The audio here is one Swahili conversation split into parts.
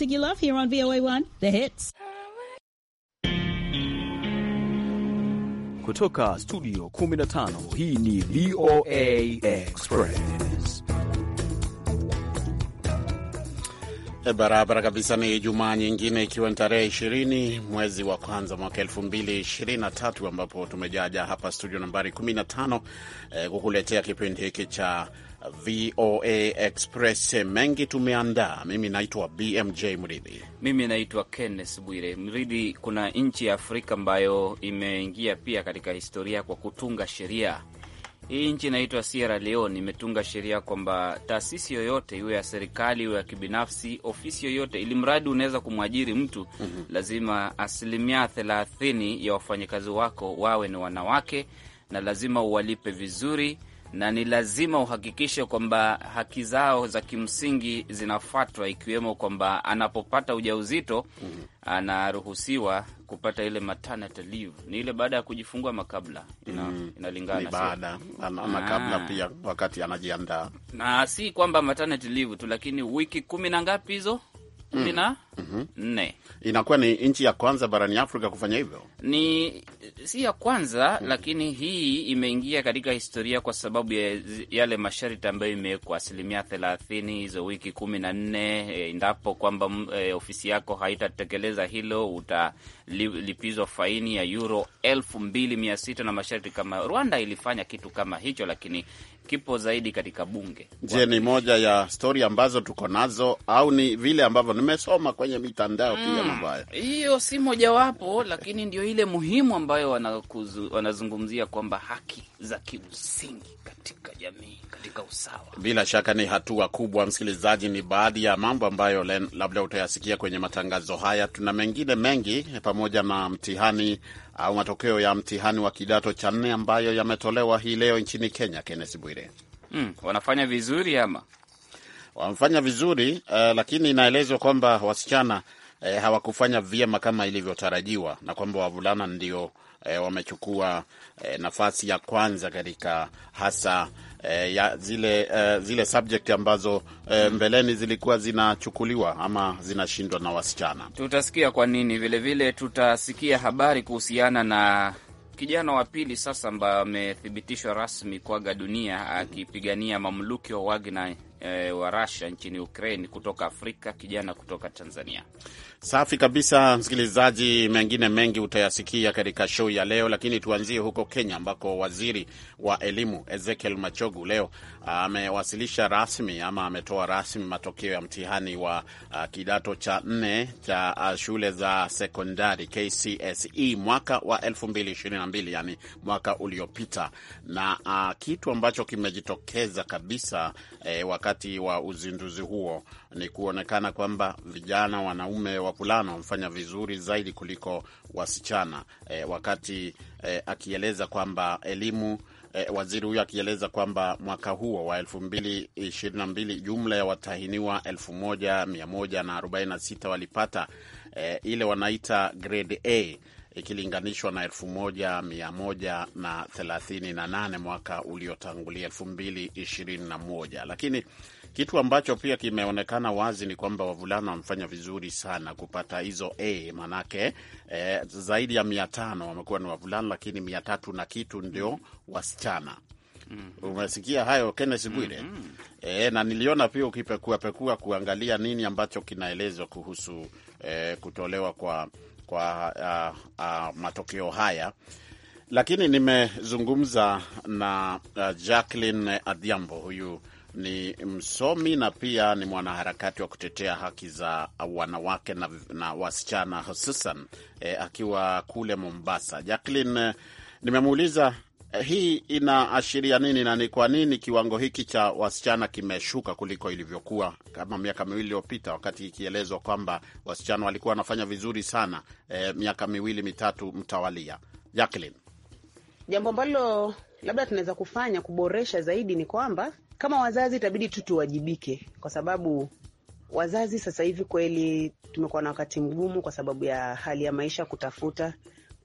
You love here on VOA1, the hits. Kutoka studio 15 hii ni VOA Express. E, barabara kabisa ni Jumaa nyingine ikiwa ni tarehe ishirini mwezi wa kwanza mwaka elfu mbili ishirini na tatu ambapo tumejaja hapa studio nambari 15 eh, kukuletea kipindi hiki cha VOA Express. Mengi tumeandaa. Mimi naitwa BMJ Mridhi. Mimi naitwa Kenneth Bwire Mridhi. Kuna nchi ya Afrika ambayo imeingia pia katika historia kwa kutunga sheria. Hii nchi inaitwa Sierra Leone, imetunga sheria kwamba taasisi yoyote, iwe ya serikali, iwe ya kibinafsi, ofisi yoyote, ili mradi unaweza kumwajiri mtu mm -hmm. lazima asilimia thelathini ya wafanyakazi wako wawe ni wanawake na lazima uwalipe vizuri na ni lazima uhakikishe kwamba haki zao za kimsingi zinafuatwa, ikiwemo kwamba anapopata ujauzito mm-hmm. anaruhusiwa kupata ile maternity leave. Ni ile baada ya kujifungua makabla, ina, mm, inalingana baada makabla ah. pia, wakati anajiandaa, na si kwamba maternity leave tu, lakini wiki kumi na ngapi hizo kumi na mm mm -hmm. nne. Inakuwa ni nchi ya kwanza barani Afrika kufanya hivyo, ni si ya kwanza mm -hmm. Lakini hii imeingia katika historia kwa sababu ya yale masharti ambayo imewekwa, asilimia thelathini hizo wiki kumi na nne e, endapo kwamba e, ofisi yako haitatekeleza hilo utalipizwa faini ya euro elfu mbili mia sita na masharti kama Rwanda ilifanya kitu kama hicho, lakini kipo zaidi katika bunge. Je, ni moja ya stori ambazo tuko nazo au ni vile ambavyo nimesoma kwa kwenye mitandao mm, pia mabaya. Hiyo si mojawapo, lakini ndio ile muhimu ambayo wanakuzu, wanazungumzia kwamba haki za kimsingi katika jamii, katika usawa. Bila shaka ni hatua kubwa, msikilizaji. Ni baadhi ya mambo ambayo len, labda utayasikia kwenye matangazo haya. Tuna mengine mengi pamoja na mtihani au matokeo ya mtihani wa kidato cha nne ambayo yametolewa hii leo nchini Kenya. Kenneth Bwire. Mm, wanafanya vizuri ama wamefanya vizuri uh, lakini inaelezwa kwamba wasichana uh, hawakufanya vyema kama ilivyotarajiwa na kwamba wavulana ndio E, wamechukua e, nafasi ya kwanza katika hasa e, ya zile e, zile subject ambazo e, mbeleni zilikuwa zinachukuliwa ama zinashindwa na wasichana. Tutasikia kwa nini, vilevile tutasikia habari kuhusiana na kijana wa pili sasa ambaye amethibitishwa rasmi kuaga dunia akipigania mamluki wa Wagner Eh, wa Russia nchini Ukraine kutoka Afrika, kijana kutoka Tanzania. Safi kabisa, msikilizaji, mengine mengi utayasikia katika show ya leo, lakini tuanzie huko Kenya ambako waziri wa elimu Ezekiel Machogu leo amewasilisha rasmi ama ametoa rasmi matokeo ya mtihani wa a, uh, kidato cha nne cha a, uh, shule za sekondari KCSE mwaka wa 2022 yani mwaka uliopita, na a, uh, kitu ambacho kimejitokeza kabisa e, wakati wa uzinduzi huo ni kuonekana kwamba vijana wanaume wavulana wamefanya vizuri zaidi kuliko wasichana e, wakati e, akieleza kwamba elimu E, waziri huyo akieleza kwamba mwaka huo wa 2022 jumla ya watahiniwa 1146 walipata e, ile wanaita grade A ikilinganishwa na 1138 mwaka uliotangulia 2021. Lakini kitu ambacho pia kimeonekana wazi ni kwamba wavulana wamefanya vizuri sana kupata hizo A, manake e, zaidi ya 500 wamekuwa ni wavulana, lakini 300 na kitu ndio wasichana. Mm -hmm. Umesikia hayo Kenneth Bwire? mm -hmm. E, na niliona pia ukipekuapekua kuangalia nini ambacho kinaelezwa kuhusu e, kutolewa kwa kwa a, ah, a, ah, matokeo haya, lakini nimezungumza na uh, Jacqueline Adhiambo, huyu ni msomi na pia ni mwanaharakati wa kutetea haki za wanawake na, na wasichana hususan e, akiwa kule Mombasa. Jacqueline, nimemuuliza Eh, hii inaashiria nini na ni kwa nini kiwango hiki cha wasichana kimeshuka kuliko ilivyokuwa kama miaka miwili iliyopita, wakati ikielezwa kwamba wasichana walikuwa wanafanya vizuri sana eh, miaka miwili mitatu mtawalia? Jacqueline, jambo ambalo labda tunaweza kufanya kuboresha zaidi ni kwamba kama wazazi itabidi tu tuwajibike, kwa sababu wazazi sasa hivi kweli tumekuwa na wakati mgumu kwa sababu ya hali ya maisha, kutafuta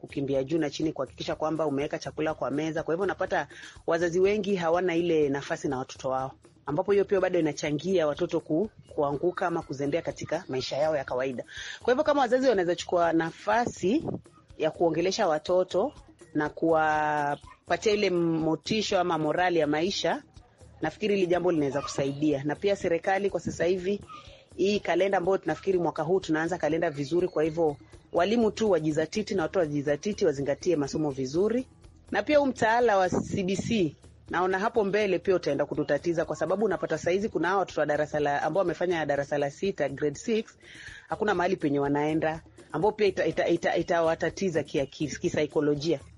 kukimbia juu na chini kuhakikisha kwamba umeweka chakula kwa meza. Kwa hivyo unapata wazazi wengi hawana ile nafasi na watoto wao, ambapo hiyo pia bado inachangia watoto ku, kuanguka ama kuzembea katika maisha yao ya kawaida. Kwa hivyo kama wazazi wanaweza chukua nafasi ya kuongelesha watoto na kuwapatia ile motisho ama morali ya maisha, nafikiri hili jambo linaweza kusaidia. Na pia serikali kwa sasa hivi, hii kalenda ambayo tunafikiri mwaka huu tunaanza kalenda vizuri, kwa hivyo walimu tu wajizatiti na watoto wajizatiti, wazingatie masomo vizuri, na pia huu mtaala wa CBC naona hapo mbele pia utaenda kututatiza kwa sababu unapata saizi kuna hawa watoto wa darasa la ambao wamefanya darasa la sita grade six, hakuna mahali penye wanaenda, ambao pia itawatatiza ita, ita, ita kisaikolojia ki, ki,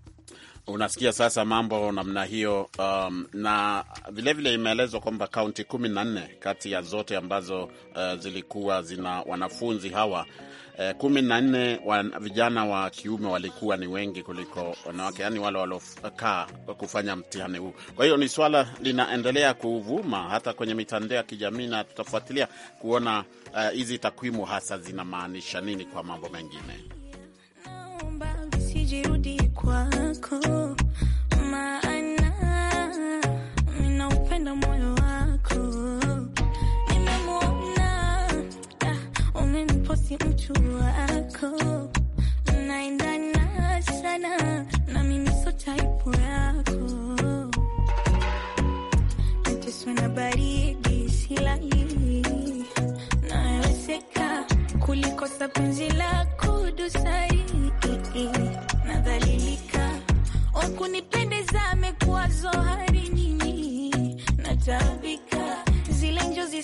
Unasikia sasa mambo namna hiyo. Um, na vilevile imeelezwa kwamba kaunti kumi na nne kati ya zote ambazo uh, zilikuwa zina wanafunzi hawa eh, kumi na nne wa vijana wa kiume walikuwa ni wengi kuliko wanawake, yani wale waliokaa kufanya mtihani huu. Kwa hiyo ni swala linaendelea kuvuma hata kwenye mitandao ya kijamii, na tutafuatilia kuona eh, hizi eh, takwimu hasa zinamaanisha nini kwa mambo mengine. Mimi mtu wako naendana sana na mimi, so type yako natiswana baridi silali nawezeka kulikosa penzi la kudusai nadhalilika wakunipendeza amekuwa zohari nini natabika zile njozi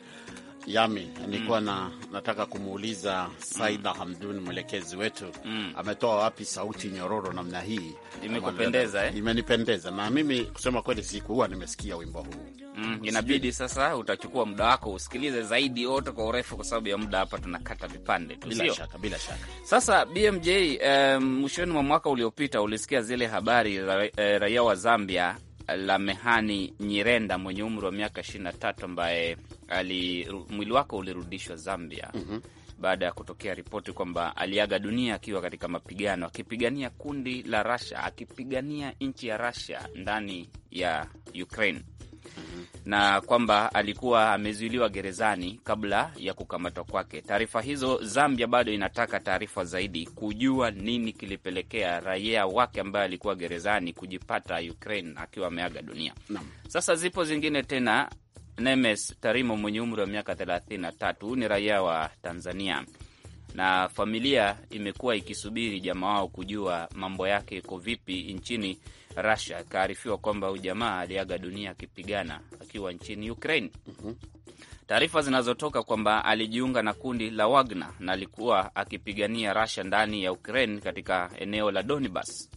Yami mm. nilikuwa mm. na, nataka kumuuliza Saida mm. Hamdun mwelekezi wetu mm. ametoa wapi sauti nyororo namna hii? Imekupendeza eh? Imenipendeza na mimi kusema kweli, sikuwa nimesikia wimbo huu mm. Inabidi sasa utachukua muda wako usikilize zaidi wote kwa urefu, kwa sababu ya muda hapa tunakata vipande tu, bila shaka, bila shaka. Sasa BMJ, mwishoni um, mwa mwaka uliopita ulisikia zile habari ra, eh, raia wa Zambia la Mehani Nyirenda mwenye umri wa miaka ishirini na tatu ambaye eh, ali mwili wako ulirudishwa Zambia mm -hmm. baada ya kutokea ripoti kwamba aliaga dunia akiwa katika mapigano akipigania kundi la Rasha akipigania nchi ya rasia ndani ya Ukraine mm -hmm. na kwamba alikuwa amezuiliwa gerezani kabla ya kukamatwa kwake. Taarifa hizo, Zambia bado inataka taarifa zaidi kujua nini kilipelekea raia wake ambaye alikuwa gerezani kujipata Ukraine akiwa ameaga dunia no. Sasa zipo zingine tena Nemes Tarimo mwenye umri wa miaka 33 ni raia wa Tanzania na familia imekuwa ikisubiri jamaa wao kujua mambo yake iko vipi nchini Russia. Kaarifiwa kwamba huyu jamaa aliaga dunia akipigana akiwa nchini Ukraine. mm -hmm. Taarifa zinazotoka kwamba alijiunga na kundi la Wagner na alikuwa akipigania Russia ndani ya Ukraine katika eneo la Donbas,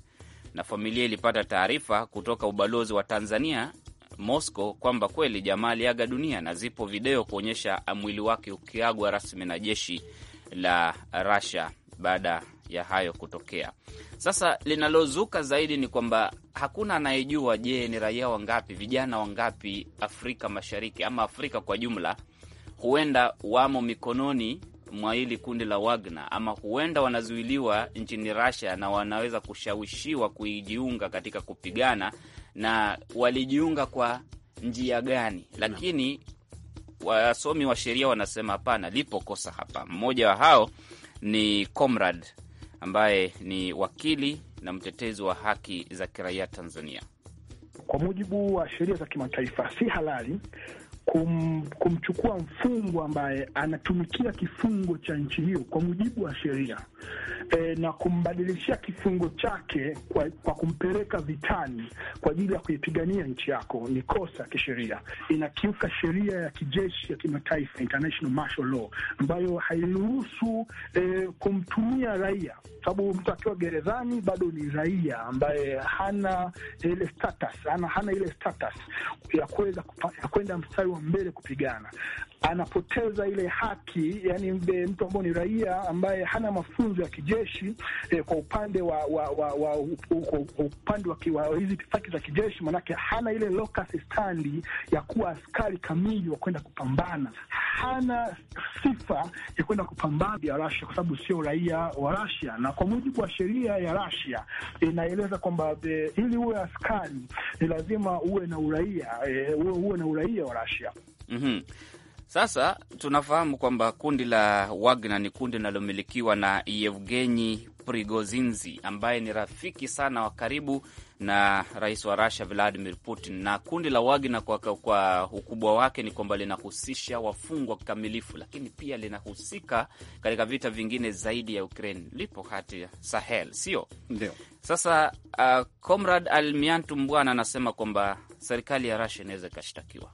na familia ilipata taarifa kutoka ubalozi wa Tanzania Moscow kwamba kweli jamaa aliaga dunia na zipo video kuonyesha mwili wake ukiagwa rasmi na jeshi la Russia baada ya hayo kutokea. Sasa linalozuka zaidi ni kwamba hakuna anayejua, je, ni raia wangapi, vijana wangapi Afrika Mashariki ama Afrika kwa jumla, huenda wamo mikononi mwa hili kundi la Wagner ama huenda wanazuiliwa nchini Russia na wanaweza kushawishiwa kuijiunga katika kupigana na walijiunga kwa njia gani, lakini wasomi wa sheria wanasema hapana, lipo kosa hapa. Mmoja wa hao ni Comrade ambaye ni wakili na mtetezi wa haki za kiraia Tanzania. Kwa mujibu wa sheria za kimataifa, si halali kum, kumchukua mfungwa ambaye anatumikia kifungo cha nchi hiyo kwa mujibu wa sheria e, na kumbadilishia kifungo chake kwa, kwa kumpeleka vitani kwa ajili ya kuipigania nchi yako ni kosa kisheria. Inakiuka sheria ya kijeshi ya kimataifa, international martial law, ambayo hairuhusu e, kumtumia raia, sababu mtu akiwa gerezani bado ni raia ambaye hana ile status, hana, hana ile status ya kuweza kwenda mstari wa mbele kupigana anapoteza ile haki, yani mtu ambaye ni raia ambaye hana mafunzo ya kijeshi eh, kwa upande wa wa wa, wa upande wa hizi itifaki za kijeshi, manake hana ile locus standi ya kuwa askari kamili wa kwenda kupambana, hana sifa ya kwenda kupambana ya Rasia kwa sababu sio raia wa rasia na kwa mujibu wa sheria ya rasia inaeleza eh, kwamba eh, ili uwe askari ni lazima uwe na uraia eh, uwe, uwe na uraia wa rasia Mm-hmm. Sasa tunafahamu kwamba kundi la Wagner ni kundi linalomilikiwa na Yevgeni Prigozinzi ambaye ni rafiki sana wa karibu na rais wa rusia Vladimir Putin. Na kundi la Wagner kwa, kwa ukubwa wake ni kwamba linahusisha wafungwa kikamilifu, lakini pia linahusika katika vita vingine zaidi ya Ukraine, lipo kati ya Sahel, sio ndio? Sasa uh, Comrad Almiantu Mbwana anasema kwamba serikali ya Rusia inaweza ikashtakiwa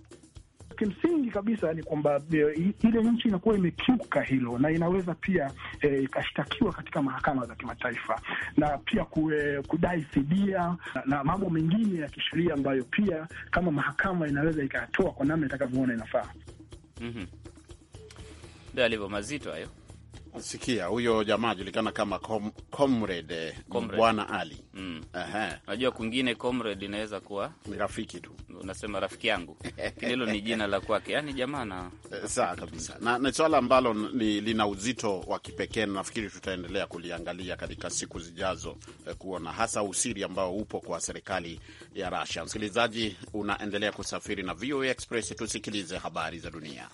kimsingi kabisa ni kwamba eh, ile nchi inakuwa imekiuka hilo na inaweza pia eh, ikashtakiwa e, katika mahakama za kimataifa na pia kue, eh, kudai fidia na, na mambo mengine ya kisheria ambayo pia kama mahakama inaweza ikayatoa kwa namna itakavyoona inafaa. mm -hmm. Ndio alivyo mazito hayo. Sikia huyo jamaa ajulikana kama com, comrade, comrade. Mm, Bwana Ali mm. Najua kwingine comrade inaweza kuwa ni rafiki tu, unasema rafiki yangu, lakini hilo ni jina la kwake, yaani jamaa na eh, saa kabisa, na ni swala ambalo lina uzito wa kipekee, na nafikiri tutaendelea kuliangalia katika siku zijazo, eh, kuona hasa usiri ambao upo kwa serikali ya Russia. Msikilizaji, unaendelea kusafiri na VOA Express, tusikilize habari za dunia.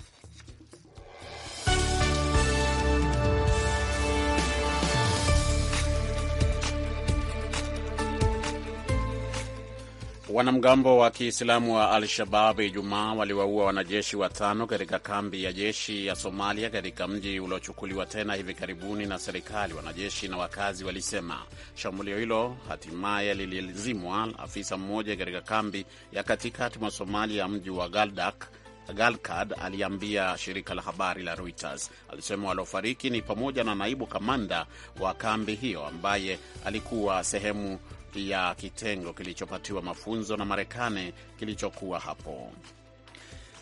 Wanamgambo wa Kiislamu wa Al-Shabab Ijumaa waliwaua wanajeshi watano katika kambi ya jeshi ya Somalia katika mji uliochukuliwa tena hivi karibuni na serikali, wanajeshi na wakazi walisema. Shambulio hilo hatimaye lilizimwa afisa mmoja katika kambi ya katikati mwa Somalia, mji wa Galdak Galkad aliambia shirika la habari la Reuters. Alisema waliofariki ni pamoja na naibu kamanda wa kambi hiyo ambaye alikuwa sehemu ya kitengo kilichopatiwa mafunzo na Marekani kilichokuwa hapo.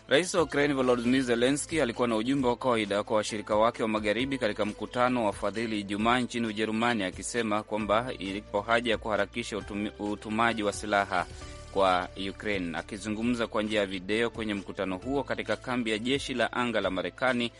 Rais wa Ukraini Volodimir Zelenski alikuwa na ujumbe wa kawaida kwa washirika wake wa magharibi katika mkutano wa fadhili Ijumaa nchini Ujerumani, akisema kwamba ilipo haja ya kuharakisha utumi, utumaji wa silaha kwa Ukraine. Akizungumza kwa njia ya video kwenye mkutano huo katika kambi ya jeshi la anga la Marekani,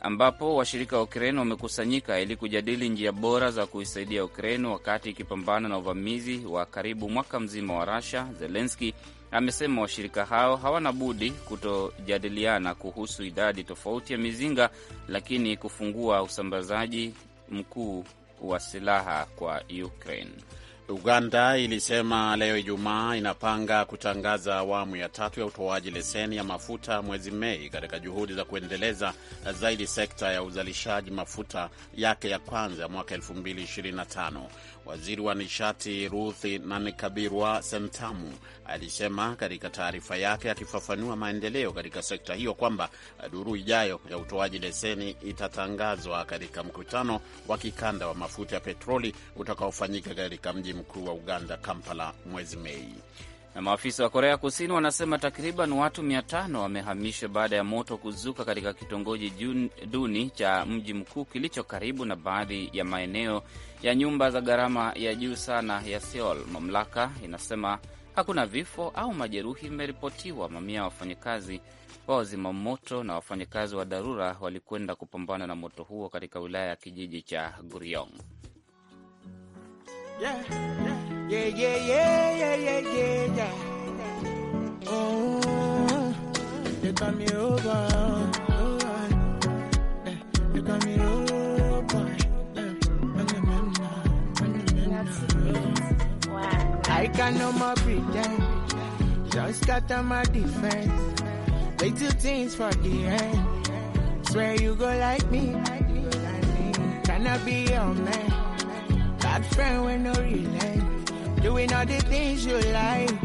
ambapo washirika wa Ukraine wamekusanyika ili kujadili njia bora za kuisaidia Ukraine wakati ikipambana na uvamizi wa karibu mwaka mzima wa Russia. Zelenski amesema washirika hao hawana budi kutojadiliana kuhusu idadi tofauti ya mizinga, lakini kufungua usambazaji mkuu wa silaha kwa Ukraine. Uganda ilisema leo Ijumaa inapanga kutangaza awamu ya tatu ya utoaji leseni ya mafuta mwezi Mei katika juhudi za kuendeleza zaidi sekta ya uzalishaji mafuta yake ya kwanza ya mwaka 2025. Waziri wa nishati Ruth Nankabirwa Sentamu alisema katika taarifa yake akifafanua maendeleo katika sekta hiyo kwamba duru ijayo ya utoaji leseni itatangazwa katika mkutano wa kikanda wa mafuta ya petroli utakaofanyika katika mji mkuu wa Uganda, Kampala, mwezi Mei. Na maafisa wa Korea Kusini wanasema takriban watu 5 wamehamishwa baada ya moto kuzuka katika kitongoji duni cha mji mkuu kilicho karibu na baadhi ya maeneo ya nyumba za gharama ya juu sana ya Seoul. Mamlaka inasema hakuna vifo au majeruhi imeripotiwa. Mamia ya wafanyakazi wa wazima moto na wafanyakazi wa dharura walikwenda kupambana na moto huo katika wilaya ya kijiji cha Guryong. yeah, yeah, yeah, yeah, yeah. yeah, yeah, yeah, yeah. Oh, you got me over. You got me over. I can no more pretend. Just got on my defense. Wait till things for the end. Swear you go like me. Can I be your man? That friend when no relent. Doing all the things you like.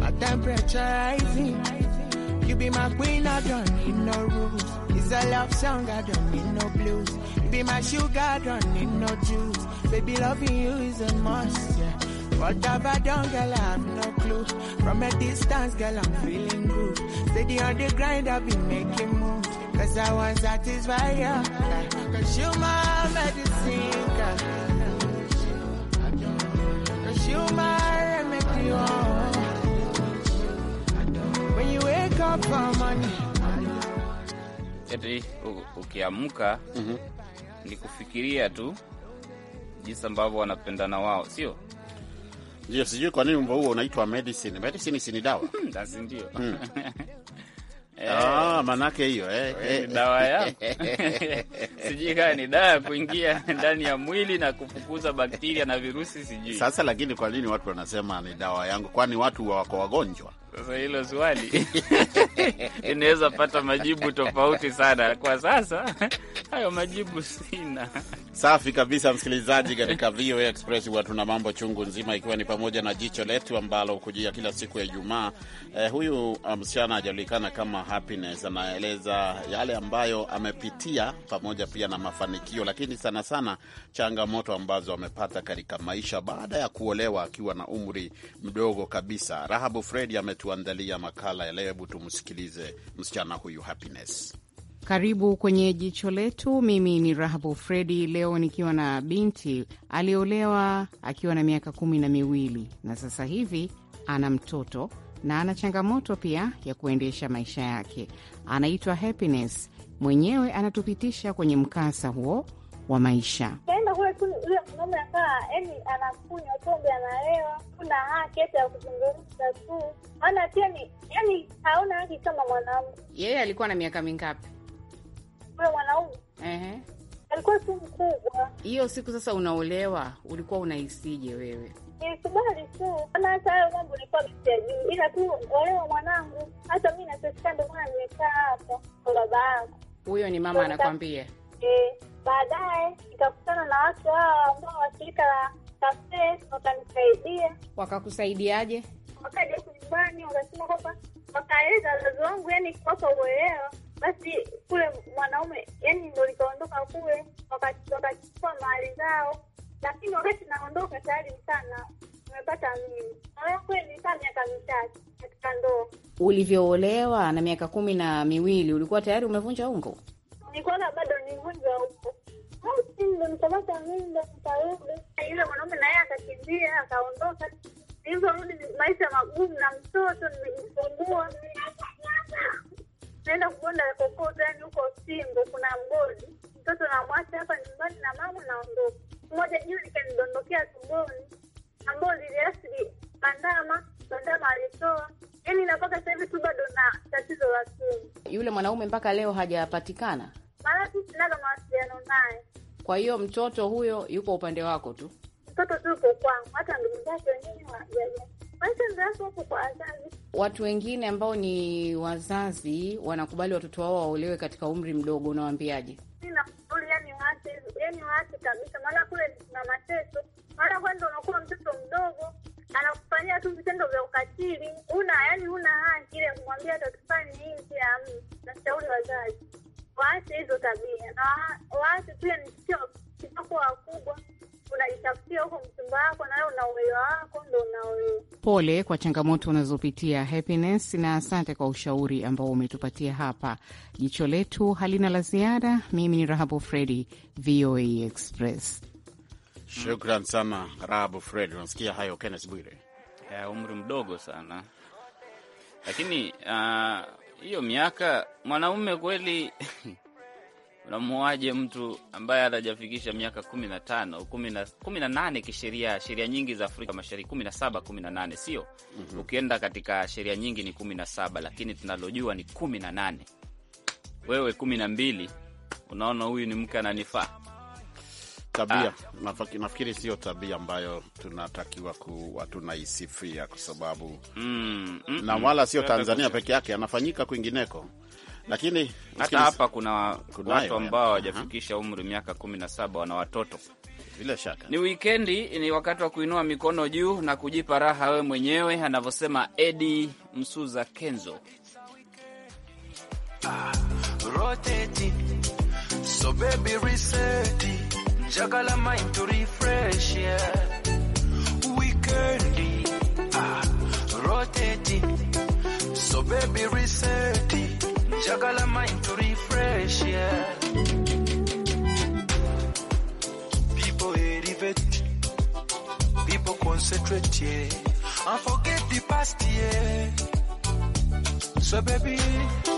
My temperature rising. You be my queen, I don't need no rules. It's a love song, I don't need no blues. You be my sugar, I don't need no juice. Baby, loving you is a must, yeah. What have I done, girl? I have no clue. From a distance, girl, I'm feeling good. Steady on the grind, I've been making moves. Cause I want satisfied, 'Cause Cause you my medicine. Eti ukiamka mm -hmm. ni kufikiria tu jinsi ambavyo wanapendana wao, sio ndio? Sijui kwa nini wimbo huo unaitwa medicine. Medicine si ni dawa ndio? Hmm. Ah, manake hiyo eh, eh, dawa ya sijui kaa ni dawa ya kuingia ndani ya mwili na kufukuza bakteria na virusi, sijui. Sasa lakini kwa nini watu wanasema ni dawa yangu? Kwani watu wako wagonjwa? Sasa hilo swali inaweza pata majibu tofauti sana. Kwa sasa hayo majibu sina. Safi kabisa, msikilizaji. Katika VOA Express huwa tuna mambo chungu nzima, ikiwa ni pamoja na jicho letu ambalo hukujia kila siku ya Ijumaa. Eh, huyu uh, msichana ajulikana kama Happiness anaeleza yale ambayo amepitia pamoja pia na mafanikio, lakini sana sana changamoto ambazo amepata katika maisha baada ya kuolewa akiwa na umri mdogo kabisa. Rahabu Fredi ametu ametuandalia makala ya leo. Hebu tumsikilize msichana huyu Happiness. Karibu kwenye jicho letu. Mimi ni Rahabu Fredi, leo nikiwa na binti aliolewa akiwa na miaka kumi na miwili na sasa hivi ana mtoto na ana changamoto pia ya kuendesha maisha yake. Anaitwa Happiness, mwenyewe anatupitisha kwenye mkasa huo wa maisha. Kaenda yaani kule tu, yule mwanaume akaa, yani anakunywa pombe, analewa, kuna haki hata ya kuzungumza tu, maana pia ni yani haona haki kama mwanamke. Yeye alikuwa na miaka mingapi yule mwanaume? Ehe, alikuwa tu mkubwa. Hiyo siku sasa unaolewa, ulikuwa unahisije wewe? Nilikubali tu, maana hata hayo mambo ilikuwa bisi ya juu, ila tu olewa mwanangu, hata mi nateseka, ndio maana nimekaa hapa kwa baba yangu. Huyo ni mama anakwambia? Eh baadaye nikakutana na watu hawa ambao washirika la kafe wakanisaidia. Wakakusaidiaje? Wakaja nyumbani wakasema kwamba wakaeleza wazazi wangu, yani kwapa uelewa basi kule mwanaume yani ndo likaondoka kule, wakachukua mali zao, lakini wakati naondoka tayari sana umepata mimi kweli, nikaa miaka mitatu katika ndoa. Ulivyoolewa na miaka kumi na miwili ulikuwa tayari umevunja ungo? Nikuona bado nivunja ungo, Nilimkamata mimba nikarudi, yule mwanaume naye akakimbia akaondoka. Nilivyorudi maisha magumu, na mtoto nimejifungua, naenda kubonda kokoto, yani huko singo kuna mgodi, mtoto namwacha hapa nyumbani na mama, naondoka. Mmoja juu likanidondokea tumboni, ambao liliasili bandama, bandama alitoa yani, na mpaka sahivi tu bado na tatizo la sumu. Yule mwanaume mpaka leo hajapatikana, maana sisi sina mawasiliano naye kwa hiyo mtoto huyo yuko upande wako tu, mtoto yuko kwangu, hata ndugu zake wengine Watu wengine ambao ni wazazi wanakubali watoto wao waolewe katika umri mdogo, unawaambiaje? Yani kabisa, maana kule kuna mateso. Maana kwanza unakuwa mtoto mdogo, anakufanyia tu vitendo vya ukatili, una yani, haki ile kumwambia nashauri wazazi waache hizo tabia na waache pia, ni sio wakubwa unajitafutia huko mchumba wako, na wewe una uelewa wako ndo unaolewa. Pole kwa changamoto unazopitia Happiness, na asante kwa ushauri ambao umetupatia hapa. Jicho letu halina la ziada. Mimi ni Rahabu Fredi, VOA Express. Shukran sana Rahabu Fredi. Unasikia hayo Kennes Bwire, eh, umri mdogo sana lakini uh, hiyo miaka mwanaume kweli unamuaje mtu ambaye atajafikisha miaka kumi na tano kumi na nane kisheria, sheria nyingi za Afrika Mashariki kumi na saba kumi na nane sio? mm -hmm. Ukienda katika sheria nyingi ni kumi na saba lakini tunalojua ni kumi na nane Wewe kumi na mbili unaona huyu ni mke ananifaa? tabia nafikiri sio tabia ambayo tunatakiwa kuwa tunaisifia kwa sababu mm, mm, na mm. wala sio Tanzania peke yake, anafanyika kwingineko, lakini hata hapa kuna, watu eh. ambao hawajafikisha umri miaka kumi na saba wana watoto. Bila shaka ni wikendi, ni wakati wa kuinua mikono juu na kujipa raha wewe mwenyewe, anavyosema Edi Msuza Kenzo. Ah, Juggle mind to refresh, yeah. Weekly, ah, rotating. So baby reset it. Juggle mind to refresh, yeah. People elevate. People concentrate, yeah. And forget the past, yeah. So baby.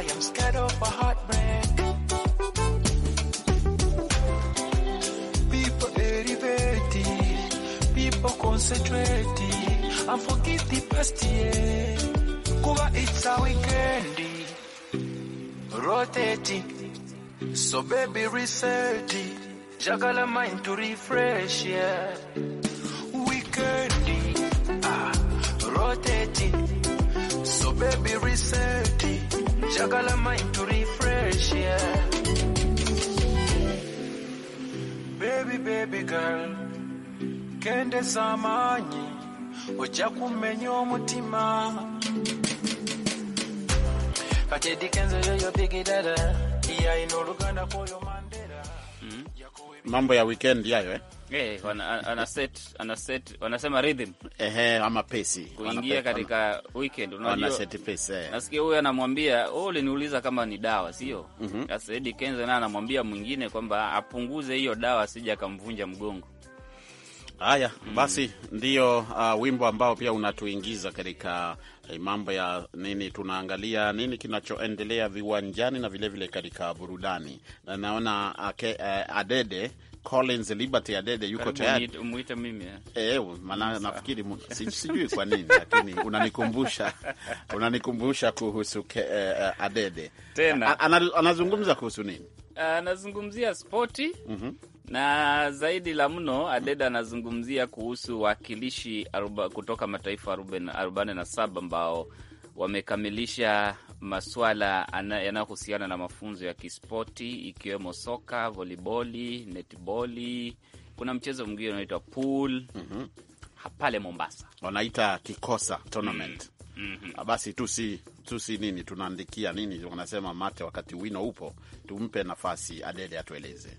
I am scared of a heartbreak. People elevated, people concentrated, and forgive the past year. Kuba it's a weekend, rotating, so baby reset it. Jagala mind to refresh, yeah. Weekend, ah, rotating, so baby reset Taka la mind to refresh, yeah. Baby, baby girl, kendesa amaanyi ojja kumenya omutima kati edikenzo yoyo bigidada yaina oluganda kwoyo mandera hmm? mambo ya wikendi yayo eh? Eh, wanasema rhythm. Ehe, ama pesi. Kuingia katika weekend unajua. Eh. Nasikia huyu anamwambia, "Oh, uliniuliza kama ni dawa, sio?" Mhm. Sasa Eddie Kenzo naye anamwambia mwingine kwamba apunguze hiyo dawa asije akamvunja mgongo. Haya, mm. Basi ndio uh, wimbo ambao pia unatuingiza katika eh, mambo ya nini, tunaangalia nini kinachoendelea viwanjani na vilevile katika burudani, na naona ake, uh, Adede Collins Liberty Adede yuko tayari. Umuite mimi eh, eh maana nafikiri sijui kwa nini lakini unanikumbusha unanikumbusha kuhusu ke, uh, Adede tena ana, anazungumza kuhusu nini? Anazungumzia spoti mm -hmm. Na zaidi la mno adede anazungumzia kuhusu wakilishi aruba, kutoka mataifa arobaini na saba ambao wamekamilisha masuala yanayohusiana na mafunzo ya kispoti ikiwemo soka, voliboli, netboli. Kuna mchezo mwingine unaitwa pool mm -hmm. pale Mombasa wanaita kikosa tournament mm -hmm. Basi tusi tusi nini tunaandikia nini, wanasema mate wakati wino upo, tumpe nafasi adele atueleze.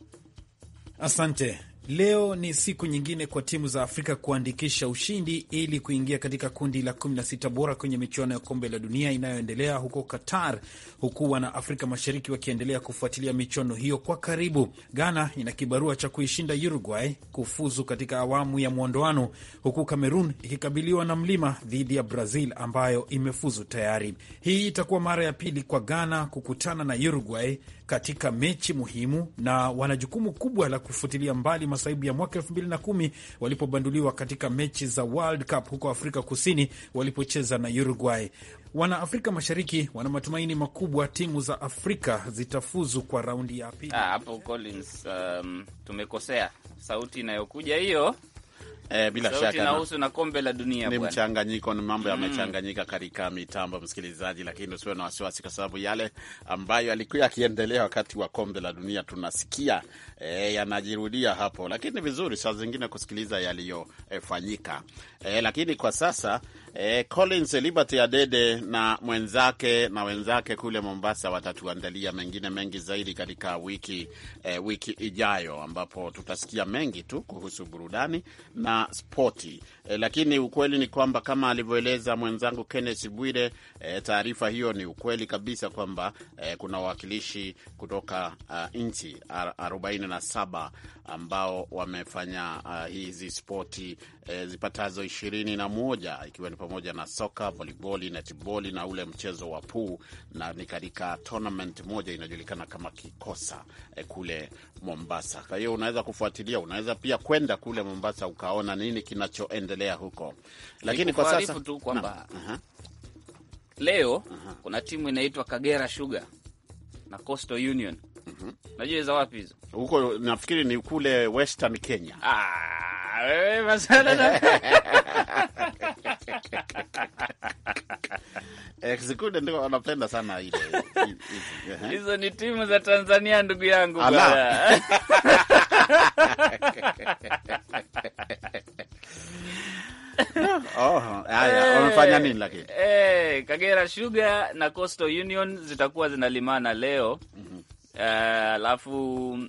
Asante Leo ni siku nyingine kwa timu za Afrika kuandikisha ushindi ili kuingia katika kundi la 16 bora kwenye michuano ya kombe la dunia inayoendelea huko Qatar, huku wana Afrika Mashariki wakiendelea kufuatilia michuano hiyo kwa karibu. Ghana ina kibarua cha kuishinda Uruguay kufuzu katika awamu ya mwondoano, huku Cameroon ikikabiliwa na mlima dhidi ya Brazil ambayo imefuzu tayari. Hii itakuwa mara ya pili kwa Ghana kukutana na Uruguay katika mechi muhimu, na wana jukumu kubwa la kufutilia mbali masaibu ya mwaka elfu mbili na kumi walipobanduliwa katika mechi za World Cup huko Afrika Kusini walipocheza na Uruguay. Wanaafrika Mashariki wana matumaini makubwa timu za Afrika zitafuzu kwa raundi ya pili. Ah, hapo Collins, um, tumekosea sauti inayokuja hiyo Eh, bila Sauti shaka inahusu na kombe la dunia ni mchanganyiko, ni mambo mm. yamechanganyika mm, katika mitambo msikilizaji, lakini usiwe na wasiwasi kwa sababu yale ambayo yalikuwa yakiendelea wakati wa kombe la dunia tunasikia eh, yanajirudia hapo, lakini vizuri saa zingine kusikiliza yaliyofanyika eh, eh, lakini kwa sasa eh, Collins Liberty Adede na mwenzake na wenzake kule Mombasa watatuandalia mengine mengi zaidi katika wiki eh, wiki ijayo ambapo tutasikia mengi tu kuhusu burudani na spoti eh, lakini ukweli ni kwamba kama alivyoeleza mwenzangu Kenneth Bwire eh, taarifa hiyo ni ukweli kabisa kwamba eh, kuna wawakilishi kutoka uh, nchi 47 ambao wamefanya uh, hizi spoti eh, zipatazo ishirini na moja ikiwa ni pamoja na soka, voliboli, netiboli na ule mchezo wa puu, na ni katika tournament moja inajulikana kama Kikosa eh, kule Mombasa. Kwa hiyo unaweza kufuatilia, unaweza pia kwenda kule Mombasa ukaona nini kinachoendelea huko, lakini kwa sasa tu kwamba uh -huh. leo uh -huh. kuna timu inaitwa Kagera Sugar na Coastal Union mm -hmm. Najua za wapi hizo? Huko nafikiri ni kule Western Kenya. Ah, wewe masala na Exekude eh, ndio wanapenda sana ile. Hizo ni timu za Tanzania ndugu yangu bwana. Oh, haya, wamefanya nini lakini? Eh, eh, Kagera Sugar na Coastal Union zitakuwa zinalimana leo Eh, alafu uh,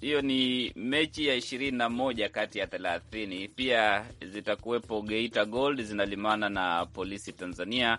hiyo ni mechi ya ishirini na moja kati ya thelathini. Pia zitakuwepo Geita Gold zinalimana na Polisi Tanzania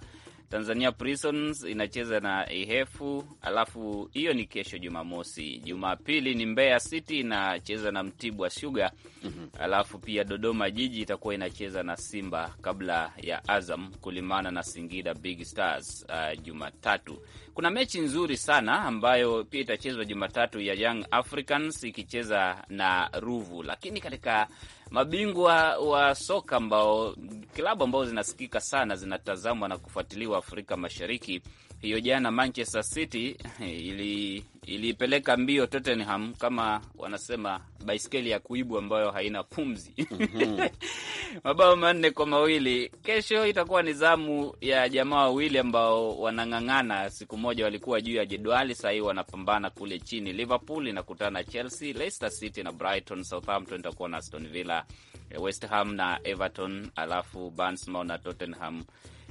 Tanzania Prisons inacheza na Ihefu, alafu hiyo ni kesho Jumamosi. Jumapili ni Mbeya City inacheza na Mtibwa Sugar, mhm. alafu pia Dodoma Jiji itakuwa inacheza na Simba kabla ya Azam kulimana na Singida Big Stars uh, Jumatatu. Kuna mechi nzuri sana ambayo pia itachezwa Jumatatu ya Young Africans ikicheza na Ruvu, lakini katika mabingwa wa soka ambao klabu ambazo zinasikika sana zinatazamwa na kufuatiliwa Afrika Mashariki hiyo jana Manchester City eh, ili iliipeleka mbio Tottenham kama wanasema baiskeli ya kuibu ambayo haina pumzi mhm. mabao manne kwa mawili. Kesho itakuwa ni zamu ya jamaa wawili ambao wanang'ang'ana. Siku moja walikuwa juu ya jedwali, sahii wanapambana kule chini. Liverpool inakutana Chelsea, Leicester City na Brighton, Southampton itakuwa na Aston Villa, eh, West Ham na Everton, alafu Bournemouth na Tottenham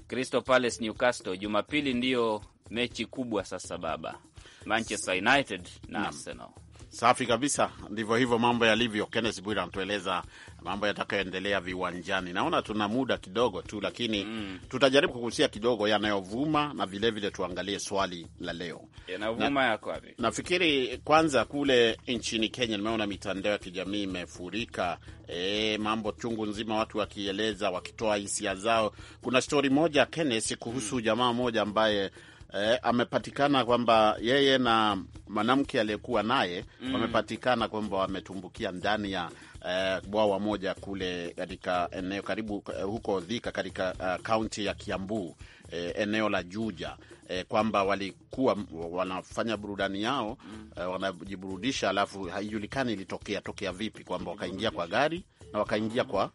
Crystal Palace Newcastle Jumapili ndiyo mechi kubwa sasa baba, Manchester United na Arsenal. Safi kabisa, ndivyo hivyo mambo yalivyo. Kenneth Bwira anatueleza mambo yatakayoendelea viwanjani. Naona tuna muda kidogo tu, lakini mm, tutajaribu kugusia kidogo yanayovuma na vilevile tuangalie swali la leo yanayovuma na, yako wapi? Nafikiri kwanza kule nchini Kenya nimeona mitandao ya kijamii imefurika, e, mambo chungu nzima, watu wakieleza, wakitoa hisia zao. Kuna stori moja Kenneth, kuhusu mm, jamaa moja ambaye eh, amepatikana kwamba yeye na mwanamke aliyekuwa naye mm. wamepatikana kwamba wametumbukia ndani ya eh, bwawa moja kule katika eneo karibu eh, huko Dhika katika eh, kaunti uh, ya Kiambu eh, eneo la Juja eh, kwamba walikuwa wanafanya burudani yao mm. eh, wanajiburudisha, alafu haijulikani ilitokea tokea vipi kwamba wakaingia kwa gari na wakaingia kwa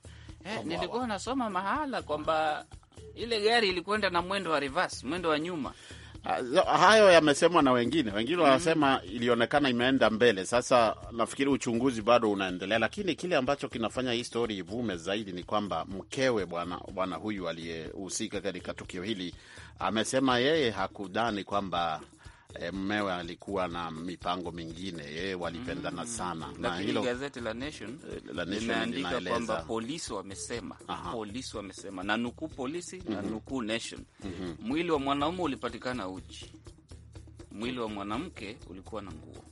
Eh, nilikuwa nasoma mahala kwamba ile gari ilikwenda na mwendo wa reverse, mwendo wa nyuma Ah, hayo yamesemwa na wengine, wengine mm-hmm. wanasema mm -hmm. Ilionekana imeenda mbele. Sasa nafikiri uchunguzi bado unaendelea, lakini kile ambacho kinafanya hii stori ivume zaidi ni kwamba mkewe bwana bwana huyu aliyehusika katika tukio hili amesema yeye hakudhani kwamba Eh, mmewe alikuwa na mipango mingine, yeye eh, walipendana mm. sana mm. gazeti la Nation eh, limeandika kwamba polisi wamesema, polisi wamesema, na nukuu polisi na mhm. nukuu Nation mhm. mwili wa mwanaume ulipatikana uchi, mwili wa mwanamke ulikuwa na nguo.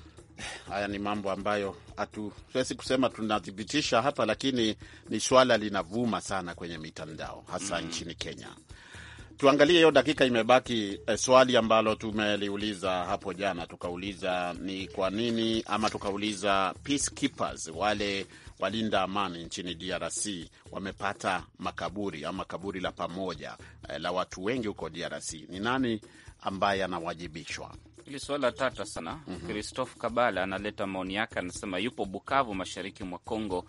Haya ni mambo ambayo hatuwezi kusema tunathibitisha hapa, lakini ni swala linavuma sana kwenye mitandao hasa mm nchini Kenya tuangalie hiyo dakika imebaki, eh, swali ambalo tumeliuliza hapo jana, tukauliza ni kwa nini ama tukauliza peacekeepers, wale walinda amani nchini DRC wamepata makaburi ama kaburi la pamoja eh, la watu wengi huko DRC, ni nani ambaye anawajibishwa? Hili suala tata sana. mm -hmm. Christophe Kabala analeta maoni yake, anasema yupo Bukavu, mashariki mwa congo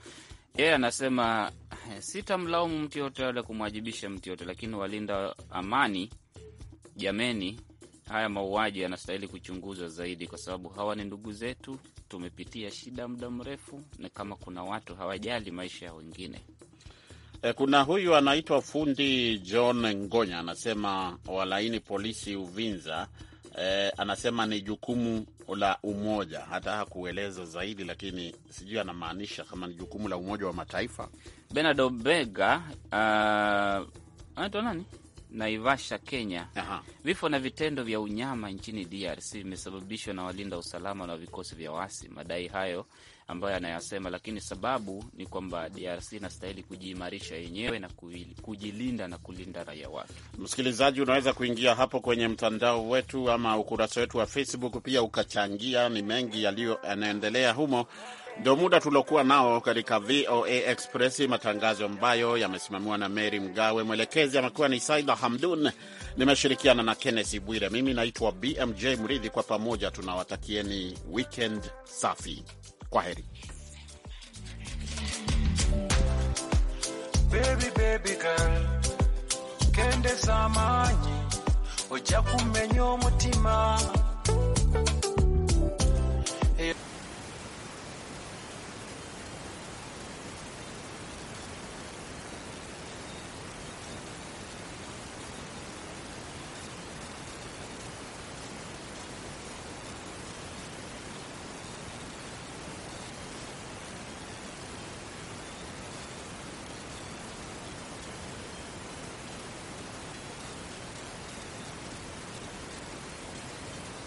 yeye yeah, anasema eh, sitamlaumu mtu yote wala kumwajibisha mtu yote, lakini walinda amani, jameni, haya mauaji yanastahili kuchunguzwa zaidi, kwa sababu hawa ni ndugu zetu, tumepitia shida muda mrefu, na kama kuna watu hawajali maisha ya wengine eh, kuna huyu anaitwa fundi John Ngonya anasema walaini polisi Uvinza eh, anasema ni jukumu la Umoja. Hata hakueleza zaidi, lakini sijui anamaanisha kama ni jukumu la Umoja wa Mataifa. Benard Obega uh, anaitwa nani? Naivasha, Kenya. Aha. Vifo na vitendo vya unyama nchini DRC vimesababishwa na walinda usalama na vikosi vya wasi Madai hayo ambayo anayasema, lakini sababu ni kwamba DRC inastahili kujiimarisha yenyewe na kujilinda na kulinda raia wake. Msikilizaji, unaweza kuingia hapo kwenye mtandao wetu ama ukurasa wetu wa Facebook pia ukachangia. Ni mengi yaliyo yanaendelea humo. Ndio muda tuliokuwa nao katika VOA Express, matangazo ambayo yamesimamiwa na Mary Mgawe, mwelekezi amekuwa ni Saida Hamdun, nimeshirikiana na kennesi Bwire, mimi naitwa BMJ Mridhi. Kwa pamoja tunawatakieni weekend safi. kwa heri. Baby, baby girl, kende samanyi, oja kumenya omutima.